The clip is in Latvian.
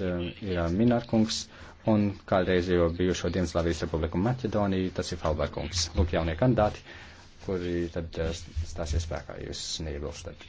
Eh, ir eh, Minārkungs un kādreizējo bijušo Dienaslāvijas republiku Maķedoniju, tas ir Falberkungs. Lūk, jaunie kandidāti, kuri tad eh, stāsies spēkā, jūs neiebilstat.